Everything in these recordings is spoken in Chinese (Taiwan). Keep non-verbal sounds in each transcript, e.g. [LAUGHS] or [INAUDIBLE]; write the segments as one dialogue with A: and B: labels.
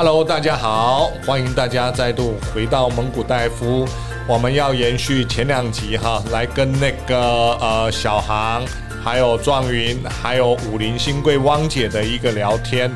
A: 哈嘍，大家好，歡迎大家再度回到萌骨戴夫。我們要延續前兩集哈，來跟那個呃小航、還有壯云、還有武林新貴汪姐的一個聊天。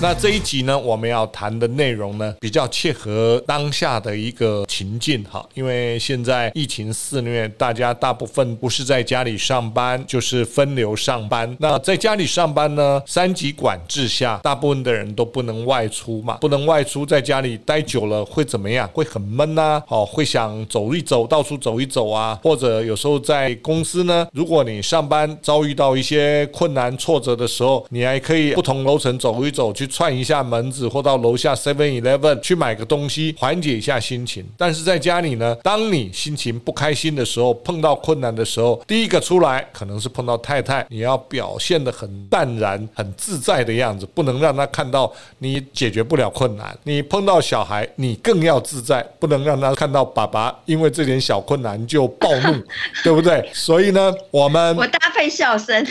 A: 那這一集呢，我們要談的內容呢，比較切合當下的一個情境哈，因為現在疫情肆虐，大家大部分不是在家裡上班，就是分流上班。那在家裡上班呢，三級管制下，大部分的人都不能外出嘛，不能外出，在家裡待久了會怎麼樣？會很悶吶，哦，會想走一走，到處走一走啊，或者有時候在公司呢，如果你上班遭遇到一些困難挫折的時候，你還可以不同樓層走一走，去。串一下門子，或到樓下 Seven Eleven 去買個東西，緩解一下心情。但是在家裡呢，當你心情不開心的時候，碰到困難的時候，第一個出來可能是碰到太太，你要表現的很淡然、很自在的樣子，不能讓他看到你解決不了困難。你碰到小孩，你更要自在，不能讓他看到爸爸因為這點小困難就暴怒， [LAUGHS] 對不對？所以呢，我們我
B: 搭配笑聲，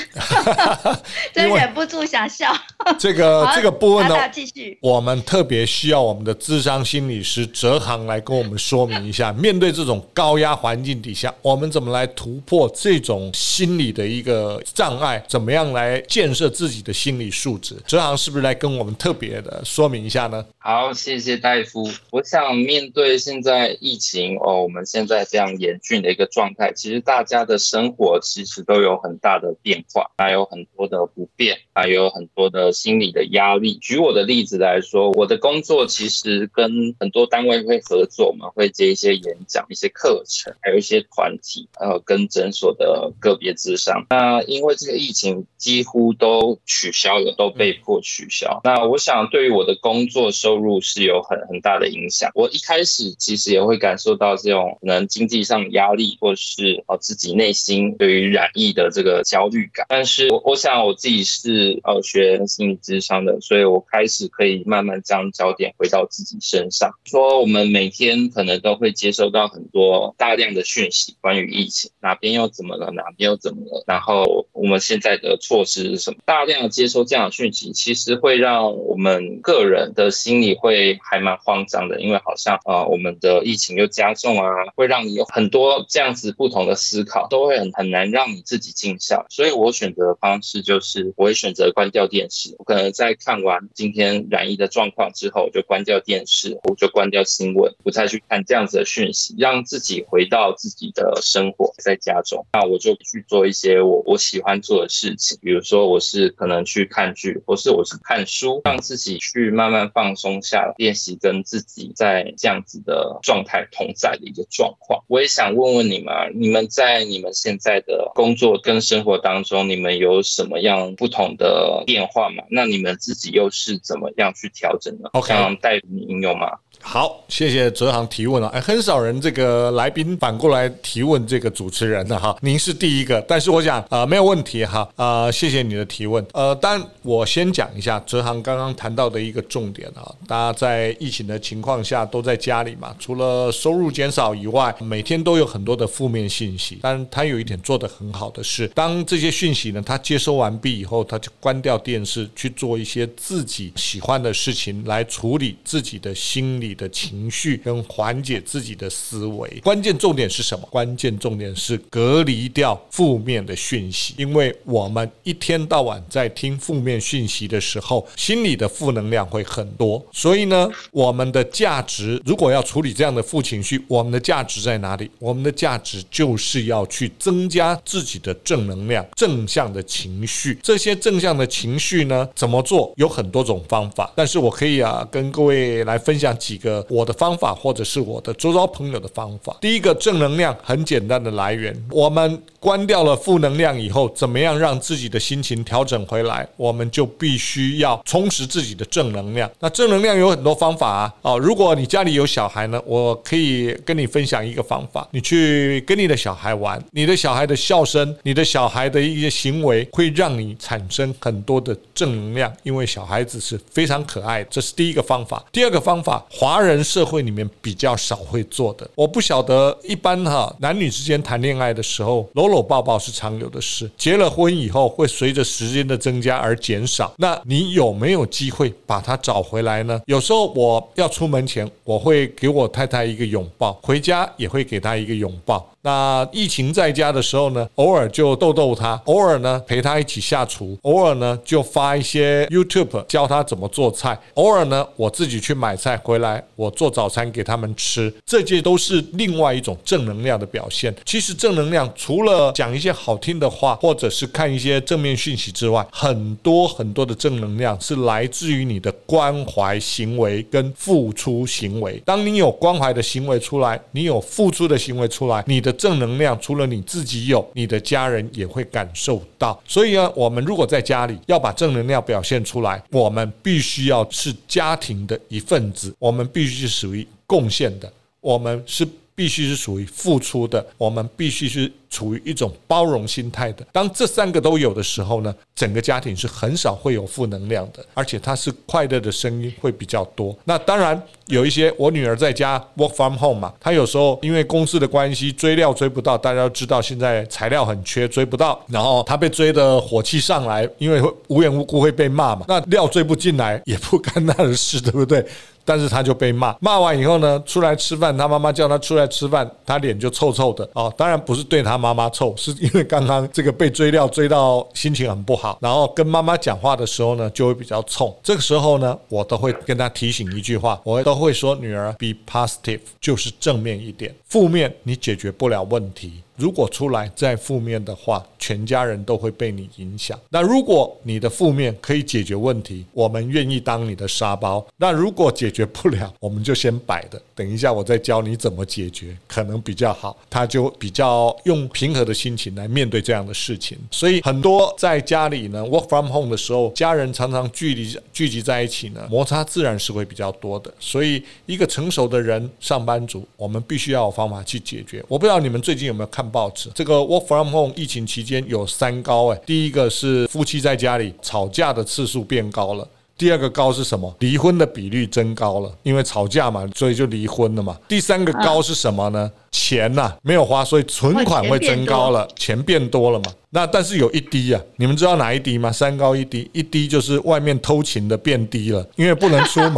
B: [LAUGHS] 真忍 [LAUGHS] 不住想笑。
A: 這個這個不。大家繼續。我們特別需要我們的諮商心理師哲行，來跟我們說明一下，面對這種高壓環境底下，我們怎麼來突破這種心理的一個障礙？怎麼樣來建設自己的心理素質？哲行是不是來跟我們特別的說明一下呢？
C: 好，謝謝戴夫。我想面對現在疫情哦，我們現在這樣嚴峻的一個狀態，其實大家的生活其實都有很大的變化，還有很多的不便，還有很多的心理的壓力。舉我的例子來說，我的工作其實跟很多單位會合作嘛，會接一些演講、一些課程，還有一些團體，還、呃、有跟診所的個別諮商。那因為這個疫情幾乎都取消了，都被迫取消。那我想，對於我的工作收入是有很很大的影響。我一開始其實也會感受到這種可能經濟上的壓力，或是哦自己內心對於染疫的這個焦慮感。但是我我想我自己是呃學心理諮商的，所以。我開始可以慢慢將焦點回到自己身上，說我們每天可能都會接收到很多大量的訊息，關於疫情哪邊又怎麼了，哪邊又怎麼了，然後我們現在的措施是什麼？大量的接收這樣的訊息，其實會讓我們個人的心裡會還蠻慌張的，因為好像啊我們的疫情又加重啊，會讓你有很多這樣子不同的思考，都會很很難讓你自己靜下。所以我選擇的方式就是，我會選擇關掉電視，我可能在看完。今天染疫的狀況之後，我就關掉電視，我就關掉新聞，不再去看這樣子的訊息，讓自己回到自己的生活，在家中。那我就去做一些我我喜歡做的事情，比如說我是可能去看劇，或是我是看書，讓自己去慢慢放鬆下來，練習跟自己在這樣子的狀態同在的一個狀況。我也想問問你們啊，你們在你們現在的工作跟生活當中，你們有什麼樣不同的變化嗎？那你們自己又？是怎麼樣去調整呢？像帶你應用嗎？
A: 好，謝謝哲航提問啊、哦，哎，很少人這個來賓反過來提問這個主持人呢，哈，您是第一個。但是我想啊、呃，沒有問題哈，呃，謝謝你的提問。呃，但我先講一下哲航剛剛談到的一個重點啊，大家在疫情的情況下都在家裡嘛，除了收入減少以外，每天都有很多的負面信息。但他有一點做得很好的是，當這些訊息呢，他接收完畢以後，他就關掉電視，去做一些自己喜歡的事情來處理自己的心理。你的情緒跟緩解自己的思維，關鍵重點是什麼？關鍵重點是隔離掉負面的訊息，因為我們一天到晚在聽負面訊息的時候，心裡的負能量會很多。所以呢，我們的價值如果要處理這樣的負情緒，我們的價值在哪裡？我們的價值就是要去增加自己的正能量、正向的情緒。這些正向的情緒呢，怎麼做？有很多種方法，但是我可以啊，跟各位來分享幾。一個我的方法，或者是我的周遭朋友的方法。第一個正能量很簡單的來源，我們關掉了負能量以後，怎麼樣讓自己的心情調整回來？我們就必須要充實自己的正能量。那正能量有很多方法啊，哦，如果你家裡有小孩呢，我可以跟你分享一個方法：你去跟你的小孩玩，你的小孩的笑聲，你的小孩的一些行為，會讓你產生很多的正能量，因為小孩子是非常可愛的。這是第一個方法。第二個方法，華人社會裡面比較少會做的，我不曉得一般哈，男女之間談戀愛的時候，摟摟抱抱是常有的事，結了婚以後會隨着時間的增加而減少。那你有沒有機會把它找回來呢？有時候我要出門前，我會給我太太一個擁抱，回家也會給她一個擁抱。那疫情在家的時候呢，偶爾就逗逗他，偶爾呢陪他一起下廚，偶爾呢就發一些 YouTube 教他怎麼做菜，偶爾呢我自己去買菜回來，我做早餐給他們吃，這些都是另外一種正能量的表現。其實正能量除了講一些好聽的話，或者是看一些正面訊息之外，很多很多的正能量是來自於你的關懷行為跟付出行為。當你有關懷的行為出來，你有付出的行為出來，你的。正能量除了你自己有，你的家人也會感受到。所以呢，啊，我們如果在家裡要把正能量表現出來，我們必須要是家庭的一份子，我們必須是屬於貢獻的，我們是，必須是屬於付出的，我們必須是處於一種包容心態的。當這三個都有的時候呢，整個家庭是很少會有負能量的，而且它是快樂的聲音會比較多。那當然有一些，我女兒在家 work from home 嘛，她有時候因為公司的關係追料追不到，大家都知道現在材料很缺，追不到，然後她被追得火氣上來，因為會無緣無故會被罵嘛。那料追不進來也不干他的事，對不對？但是他就被罵，罵完以後呢，出來吃飯，他媽媽叫他出來吃飯，他臉就臭臭的哦，當然不是對他媽媽臭，是因為剛剛這個被追料追到心情很不好，然後跟媽媽講話的時候呢，就會比較衝。這個時候呢，我都會跟他提醒一句話，我都會說女兒，be positive，就是正面一點，負面你解決不了問題。如果出來再負面的話，全家人都會被你影響。那如果你的負面可以解決問題，我們願意當你的沙包。那如果解決不了，我們就先擺着，等一下我再教你怎麼解決，可能比較好。他就比較用平和的心情來面對這樣的事情。所以很多在家裡呢，work from home 的時候，家人常常聚離聚集在一起呢，摩擦自然是會比較多的。所以一個成熟的人，上班族，我們必須要有方法去解決。我不知道你們最近有沒有看。報紙這個 work from home 疫情期間有三高哎、欸，第一個是夫妻在家裡吵架的次數變高了，第二個高是什麼？離婚的比率增高了，因為吵架嘛，所以就離婚了嘛。第三個高是什麼呢？錢吶、啊、沒有花，所以存款會增高了，錢變多了嘛。那但是有一低啊，你們知道哪一低嗎？三高一低，一低就是外面偷情的變低了，因為不能出門。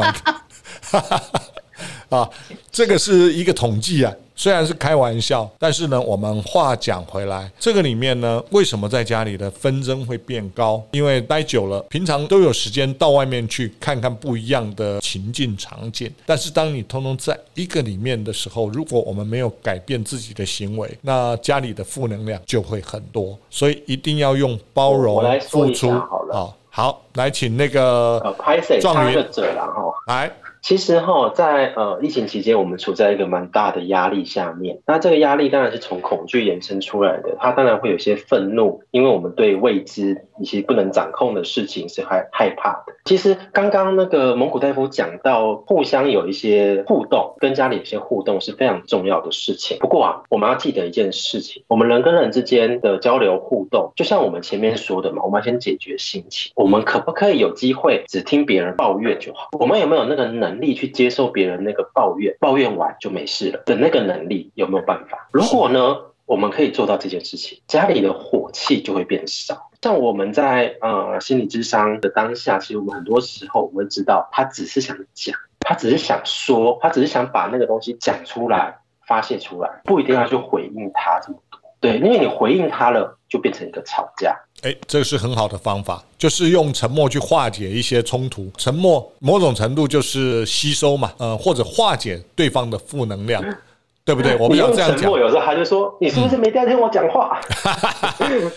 A: 哈哈哈，啊，這個是一個統計啊。雖然是開玩笑，但是呢，我們話講回來，這個裡面呢，為什麼在家裡的紛爭會變高？因為待久了，平常都有時間到外面去看看不一樣的情境場景。但是當你通通在一個裡面的時候，如果我們沒有改變自己的行為，那家裡的負能量就會很多。所以一定要用包容來付出。好了，哦，好，來請那個壯雲。
D: 其實哈，在呃疫情期間，我們處在一個蠻大的壓力下面。那這個壓力當然是從恐懼延伸出來的，它當然會有些憤怒，因為我們對未知。一些不能掌控的事情是害害怕的。其實剛剛那個萌骨戴夫講到，互相有一些互動，跟家裡有些互動是非常重要的事情。不過啊，我們要記得一件事情：我們人跟人之間的交流互動，就像我們前面說的嘛，我們要先解決心情。我們可不可以有機會只聽別人抱怨就好？我們有沒有那個能力去接受別人那個抱怨？抱怨完就沒事了的那個能力有沒有辦法？如果呢，我們可以做到這件事情，家裡的火氣就會變少。像我們在呃心理諮商的當下，其實我們很多時候我們知道，他只是想講，他只是想說，他只是想把那個東西講出來、發洩出來，不一定要去回應他這麼多。對，因為你回應他了，就變成一個吵架。
A: 哎，這個是很好的方法，就是用沉默去化解一些衝突。沉默某種程度就是吸收嘛，呃，或者化解對方的負能量。嗯對不對？我不要這樣講。有時候還
D: 會說：“你是不是沒在聽我講話？”嗯、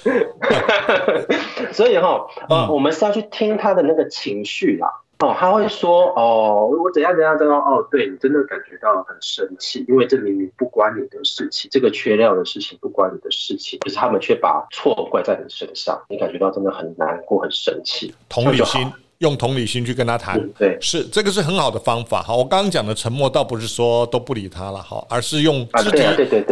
D: [LAUGHS] [LAUGHS] 所以哈、哦，呃、嗯哦，我們是要去聽他的那個情緒啦。哦，他會說：“哦，我怎樣怎樣怎樣。”哦，對你真的感覺到很生氣，因為這明明不關你的事情，這個缺料的事情不關你的事情，可、就是他們卻把錯怪在你身上，你感覺到真的很
A: 難過、很生氣，同理心。用同理心去跟他談，對，是這個是很好的方法。好，我剛剛講的沉默倒不是說都不理他了，好，而是用肢體、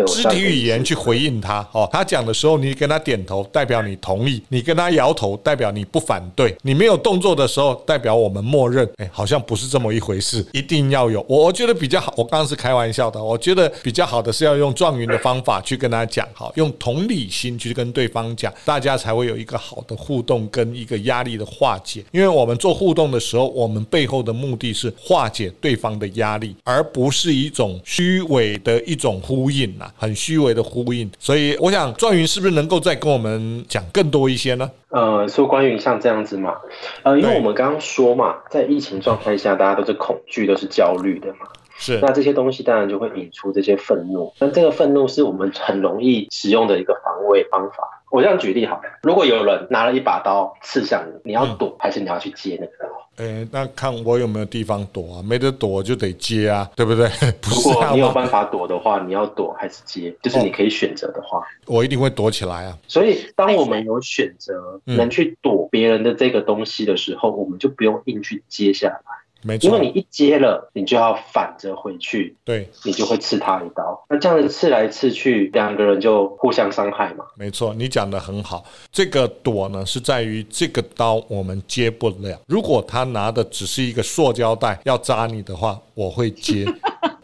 A: 肢體語言去回應他。哦，他講的時候，你跟他點頭，代表你同意；你跟他搖頭，代表你不反對；你沒有動作的時候，代表我們默認。哎，好像不是這麼一回事。一定要有，我覺得比較好。我剛剛是開玩笑的，我覺得比較好的是要用壯雲的方法去跟他講。好，用同理心去跟對方講，大家才會有一個好的互動跟一個壓力的化解，因為我們。做互動的時候，我們背後的目的是化解對方的壓力，而不是一種虛偽的一種呼應吶、啊，很虛偽的呼應。所以，我想壯雲是不是能夠再跟我們講更多一些呢？
D: 呃，說關於像這樣子嘛，呃，因為我們剛剛說嘛，在疫情狀態下，大家都是恐懼、都是焦慮的嘛，是，那這些東西當然就會引出這些憤怒。那這個憤怒是我們很容易使用的一個防衛方法。我這樣舉例好了，如果有人拿了一把刀刺向你，你要躲、嗯、還是你要去接那個
A: 刀？誒、欸，那看我有沒有地方躲啊，沒得躲就得接啊，對不對？如果你有辦
D: 法躲的話， [LAUGHS] 你要躲還是接？就是你可以選擇的話、
A: 哦，我一定會躲起來啊。
D: 所以，當我們有選擇能去躲別人的這個東西的時候、嗯，我們就不用硬去接下來。沒錯，如果你一接了，你就要反着回去，對，你就會刺他一刀。那這樣子刺來刺去，兩個人就互相傷害嘛。
A: 沒錯，你講得很好，這個躲呢，是在於這個刀我們接不了。如果他拿的只是一個塑膠袋要扎你的話，我會接。 [LAUGHS]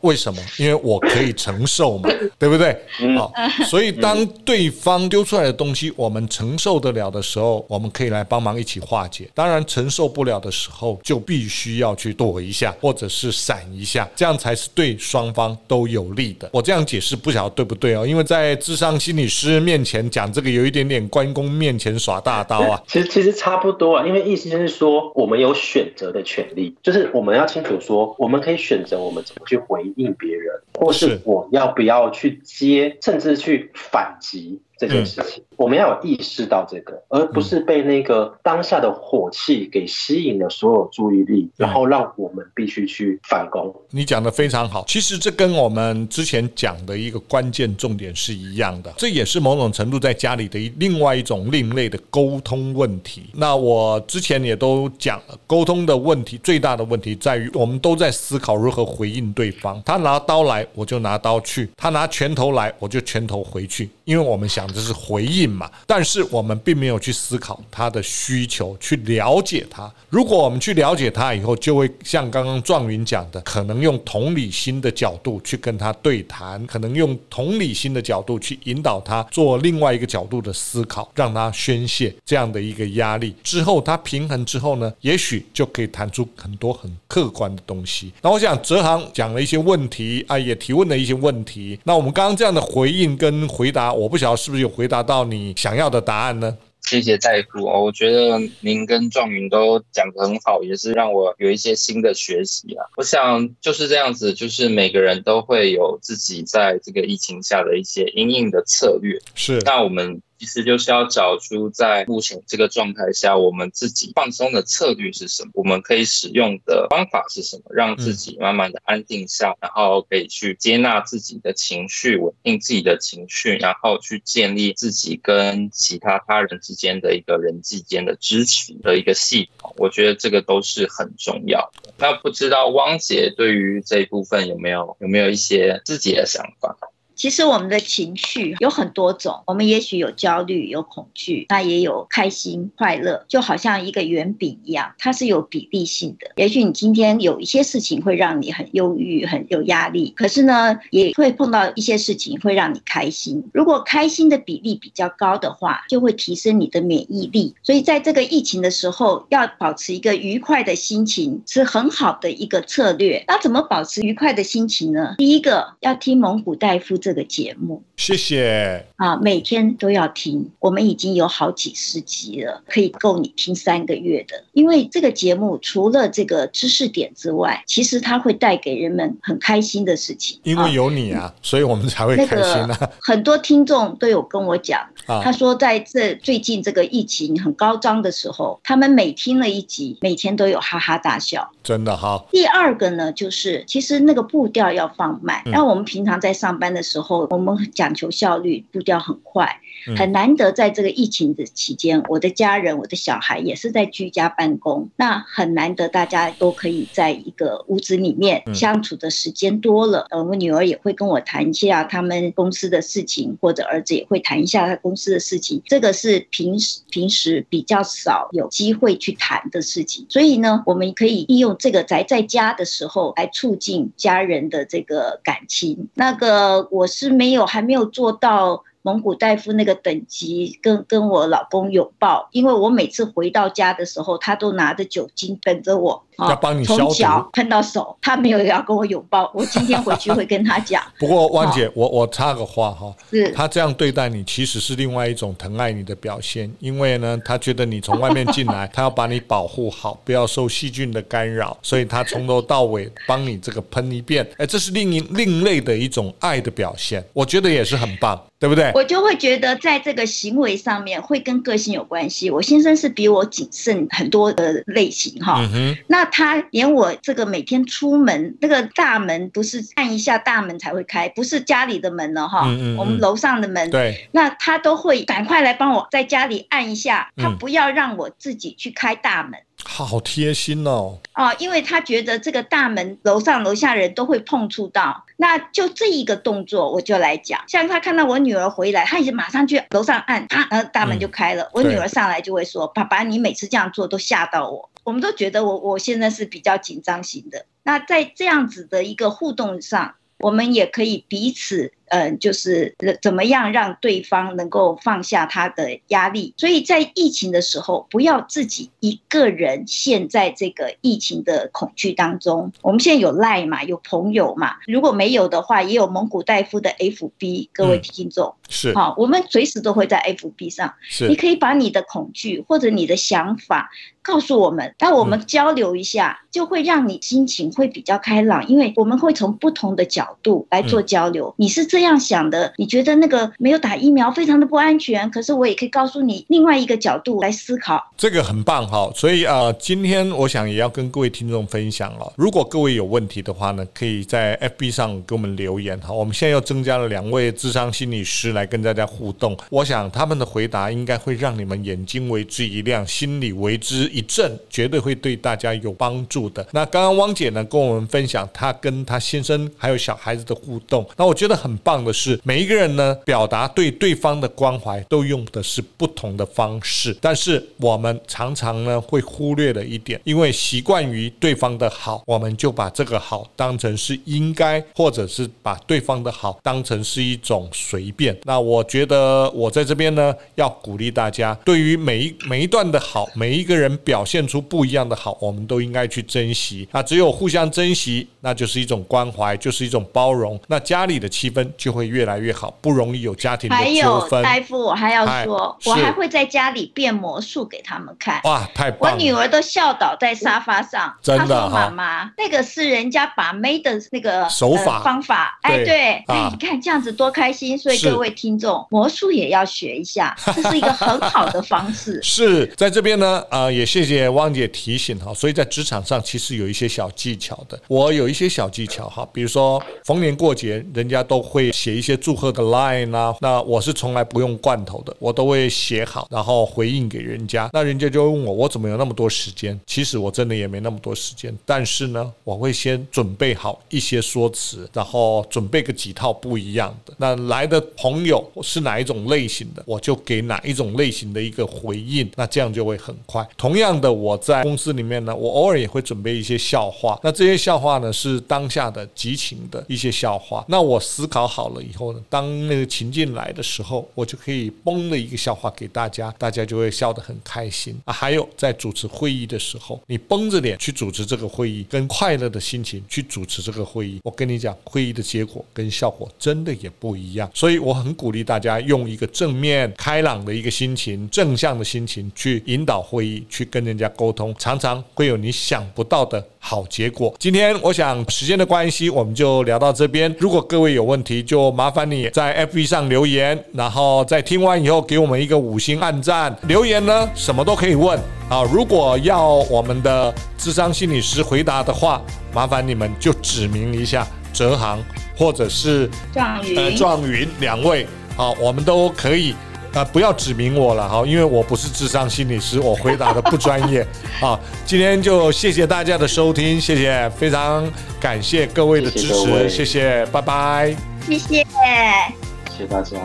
A: 為什麼？因為我可以承受嘛， [LAUGHS] 對不對、嗯？好。所以當對方丟出來的東西我們承受得了的時候，嗯、我們可以來幫忙一起化解。當然，承受不了的時候，就必須要去躲一下，或者是閃一下，這樣才是對雙方都有利的。我這樣解釋不曉得對不對哦，因為在諮商心理師面前講這個，有一點點關公面前耍大刀啊。其實
D: 其實差不多啊，因為意思就是說，我們有選擇的權利，就是我們要清楚說，我們可以選擇我們怎麼去回。應別人，或是我要不要去接，甚至去反擊。這件事情，嗯、我們要有意識到這個，而不是被那個當下的火氣給吸引了所有注意力，嗯、然後讓我們必須去
A: 反攻。你講的非常好，其實這跟我們之前講的一個關鍵重點是一樣的，這也是某種程度在家裡的一另外一種另類的溝通問題。那我之前也都講了，溝通的問題最大的問題在於，我們都在思考如何回應對方。他拿刀來，我就拿刀去；他拿拳頭來，我就拳頭回去，因為我們想。這是回應嘛？但是我們並沒有去思考他的需求，去了解他。如果我們去了解他以後，就會像剛剛壯雲講的，可能用同理心的角度去跟他對談，可能用同理心的角度去引導他做另外一個角度的思考，讓他宣洩這樣的一個壓力。之後他平衡之後呢，也許就可以談出很多很客觀的東西。那我想哲航講了一些問題啊，也提問了一些問題。那我們剛剛這樣的回應跟回答，我不曉得是不是。有回答到你想要的答案呢？
C: 謝謝戴夫哦，我覺得您跟壯雲都講得很好，也是讓我有一些新的學習啊。我想就是這樣子，就是每個人都會有自己在這個疫情下的一些因應的策略。是，那我們。其實就是要找出在目前這個狀態下，我們自己放鬆的策略是什麼？我們可以使用的方法是什麼？讓自己慢慢的安定下，然後可以去接納自己的情緒，穩定自己的情緒，然後去建立自己跟其他他人之間的一個人際間的支持的一個系統。我覺得這個都是很重要的。那不知道汪姐對於這一部分有沒有有沒有一些自己的想法？
B: 其實我們的情緒有很多種，我們也許有焦慮、有恐懼，那也有開心、快樂，就好像一個圓餅一樣，它是有比例性的。也許你今天有一些事情會讓你很憂鬱、很有壓力，可是呢，也會碰到一些事情會讓你開心。如果開心的比例比較高的話，就會提升你的免疫力。所以在這個疫情的時候，要保持一個愉快的心情是很好的一個策略。那怎麼保持愉快的心情呢？第一個要聽萌骨戴夫。這個節目，謝謝啊！每天都要聽，我們已經有好幾十集了，可以夠你聽三個月的。因為這個節目除了這個知識點之外，其實它會帶給人們很開心的事情。
A: 因為有你啊，啊，所以我們才會開心啊。那個，
B: 很多聽眾都有跟我講，他說在這、啊、最近這個疫情很高漲的時候，他們每聽了一集，每天都有哈哈大笑，
A: 真的哈。
B: 第二個呢，就是其實那個步調要放慢。那、嗯、我們平常在上班的時候。時候，我們講求效率，步調很快，很難得在這個疫情的期間，我的家人、我的小孩也是在居家辦公，那很難得大家都可以在一個屋子裡面相處的時間多了。呃，我女兒也會跟我談一下他們公司的事情，或者兒子也會談一下他公司的事情。這個是平時平時比較少有機會去談的事情，所以呢，我們可以利用這個宅在家的時候來促進家人的這個感情。那個我。是沒有，還沒有做到。蒙古大夫那個等級跟跟我老公擁抱，因為我每次回到家的時候，他都拿着酒精等着我，要幫你消毒，噴到手。他沒有要跟我擁抱，我今天回去會跟他講。 [LAUGHS] 不過汪姐，
A: 我我插個話哈，是，他這樣對待你其實是另外一種疼愛你的表現，因為呢，他覺得你從外面進來， [LAUGHS] 他要把你保護好，不要受細菌的干擾，所以他從頭到尾 [LAUGHS] 幫你這個噴一遍。哎，這是另一另類的一種愛的表現，我覺得也是很棒，對不對？我
B: 就會覺得，在這個行為上面會跟個性有關係。我先生是比我謹慎很多的類型，哈、嗯哼。那他連我這個每天出門，那個大門不是按一下大門才會開，不是家裡的門了，哈、嗯嗯嗯。我們樓上的門，對，那他都會趕快來幫我在家裡按一下，他不要讓我自己去開大門。
A: 好貼心哦！
B: 哦，因為他覺得這個大門樓上樓下人都會碰觸到，那就這一個動作，我就來講。像他看到我女兒回來，他已經馬上去樓上按，啊，呃，大門就開了，嗯。我女兒上來就會說：“爸爸，你每次這樣做都嚇到我。”我們都覺得我我現在是比較緊張型的。那在這樣子的一個互動上，我們也可以彼此。嗯，就是怎麼樣讓對方能夠放下他的壓力？所以在疫情的時候，不要自己一個人陷在這個疫情的恐懼當中。我們現在有 LINE 嘛，有朋友嘛。如果沒有的話，也有萌骨戴夫的 FB，各位聽眾、嗯、是啊、哦，我們隨時都會在 FB 上。是，你可以把你的恐懼或者你的想法告訴我們，但我們交流一下、嗯，就會讓你心情會比較開朗，因為我們會從不同的角度來做交流。嗯、你是這。這樣想的，你覺得那個沒有打疫苗非常的不安全。可是我也可以告訴你另外一個角度來思考，
A: 這個很棒哈。所以啊，呃，今天我想也要跟各位聽眾分享了。如果各位有問題的話呢，可以在 FB 上給我們留言哈。我們現在又增加了兩位諮商心理師來跟大家互動，我想他們的回答應該會讓你們眼睛為之一亮，心裡為之一振，絕對會對大家有幫助的。那剛剛汪姐呢，跟我們分享她跟她先生還有小孩子的互動，那我覺得很。棒的是，每一個人呢表達對對方的關懷，都用的是不同的方式。但是我們常常呢會忽略了一點，因為習慣於對方的好，我們就把這個好當成是應該，或者是把對方的好當成是一種隨便。那我覺得我在這邊呢要鼓勵大家，對於每一每一段的好，每一個人表現出不一樣的好，我們都應該去珍惜。那只有互相珍惜，那就是一種關懷，就是一種包容。那家裡的氣氛。就會越來越好，不容易有家庭的糾紛。還有大夫，
B: 我還要說，我還會在家裡變魔術給他們看。哇，
A: 太棒了！我女兒
B: 都笑倒在沙發上。她說媽媽真的哈。那個是人家把妹的那個手法、呃、方法。哎，對，啊、哎，你看這樣子多開心。所以各位聽眾，魔術也要學一下，這是一個很好的方式。
A: [LAUGHS] 是在這邊呢，啊、呃，也謝謝汪姐提醒哈。所以在職場上其實有一些小技巧的。我有一些小技巧哈，比如說逢年過節，人家都會。寫一些祝賀的 line 啊，那我是從來不用罐頭的，我都會寫好，然後回應給人家。那人家就問我，我怎麼有那麼多時間？其實我真的也沒那麼多時間，但是呢，我會先準備好一些說辭，然後準備個幾套不一樣的。那來的朋友是哪一種類型的，我就給哪一種類型的一個回應，那這樣就會很快。同樣的，我在公司裡面呢，我偶爾也會準備一些笑話。那這些笑話呢，是當下的疫情的一些笑話。那我思考。好了以後呢，當那個情境來的時候，我就可以崩了一個笑話給大家，大家就會笑得很開心啊。還有在主持會議的時候，你繃着臉去主持這個會議，跟快樂的心情去主持這個會議，我跟你講，會議的結果跟效果真的也不一樣。所以我很鼓勵大家用一個正面、開朗的一個心情、正向的心情去引導會議，去跟人家溝通，常常會有你想不到的。好結果。今天我想時間的關係，我們就聊到這邊。如果各位有問題，就麻煩你在 FB 上留言，然後在聽完以後給我們一個五星按讚。留言呢，什麼都可以問。啊，如果要我們的諮商心理師回答的話，麻煩你們就指明一下哲航或者是
B: 壯雲，呃，壯
A: 雲兩位，啊，我們都可以。啊、呃，不要指名我了哈，因為我不是諮商心理師，我回答的不專業。啊， [LAUGHS] 今天就謝謝大家的收聽，謝謝，非常感謝各位的支持，謝謝，謝謝，拜拜，謝
B: 謝，謝謝大家。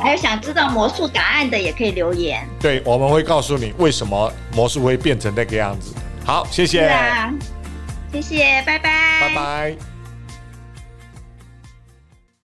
B: 還有想知道魔術答案的也可以
A: 留言，對，我們會告訴你為什麼魔術會變成那個樣子。好，謝謝、啊，謝謝，
B: 拜拜，拜拜。